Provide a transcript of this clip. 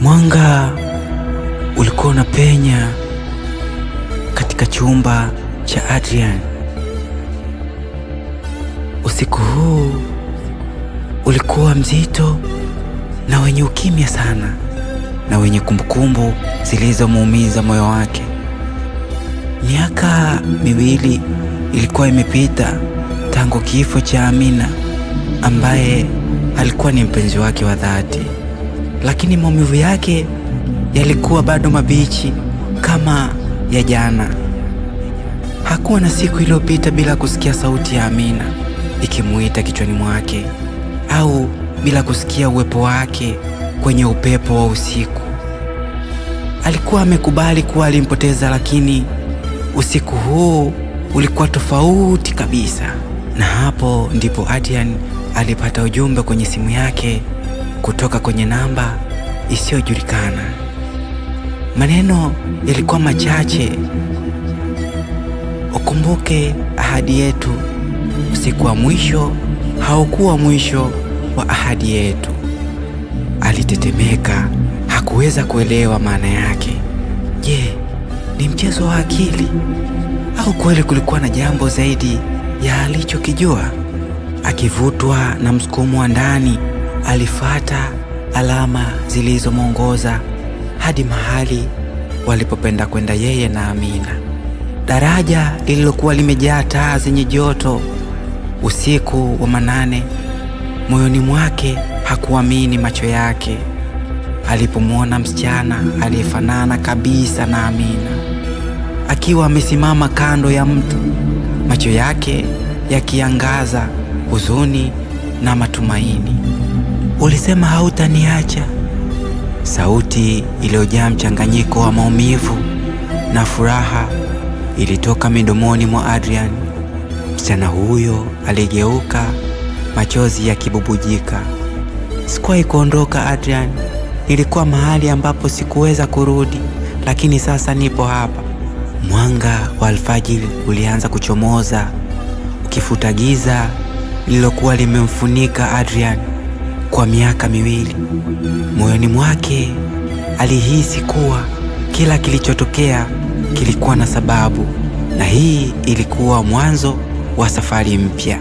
Mwanga ulikuwa unapenya katika chumba cha Adrian. Usiku huu ulikuwa mzito na wenye ukimya sana na wenye kumbukumbu zilizomuumiza moyo wake. Miaka miwili ilikuwa imepita tangu kifo cha Amina ambaye alikuwa ni mpenzi wake wa dhati lakini maumivu yake yalikuwa bado mabichi kama ya jana. Hakuwa na siku iliyopita bila kusikia sauti ya Amina ikimuita kichwani mwake au bila kusikia uwepo wake kwenye upepo wa usiku. Alikuwa amekubali kuwa alimpoteza, lakini usiku huu ulikuwa tofauti kabisa. Na hapo ndipo Adian alipata ujumbe kwenye simu yake kutoka kwenye namba isiyojulikana. Maneno yalikuwa machache: ukumbuke ahadi yetu. Usiku wa mwisho haukuwa mwisho wa ahadi yetu. Alitetemeka, hakuweza kuelewa maana yake. Je, ni mchezo wa akili au kweli kulikuwa na jambo zaidi ya alichokijua? Akivutwa na msukumo wa ndani Alifuata alama zilizomwongoza hadi mahali walipopenda kwenda yeye na Amina. Daraja lililokuwa limejaa taa zenye joto usiku wa manane. Moyoni mwake hakuamini macho yake alipomwona msichana aliyefanana kabisa na Amina akiwa amesimama kando ya mtu, macho yake yakiangaza huzuni na matumaini. Ulisema hautaniacha. Sauti iliyojaa mchanganyiko wa maumivu na furaha ilitoka midomoni mwa Adrian. Msichana huyo aligeuka, machozi yakibubujika. Sikuwahi kuondoka Adrian, nilikuwa mahali ambapo sikuweza kurudi, lakini sasa nipo hapa. Mwanga wa alfajiri ulianza kuchomoza ukifuta giza lililokuwa limemfunika Adrian kwa miaka miwili. Moyoni mwake alihisi kuwa kila kilichotokea kilikuwa na sababu, na hii ilikuwa mwanzo wa safari mpya.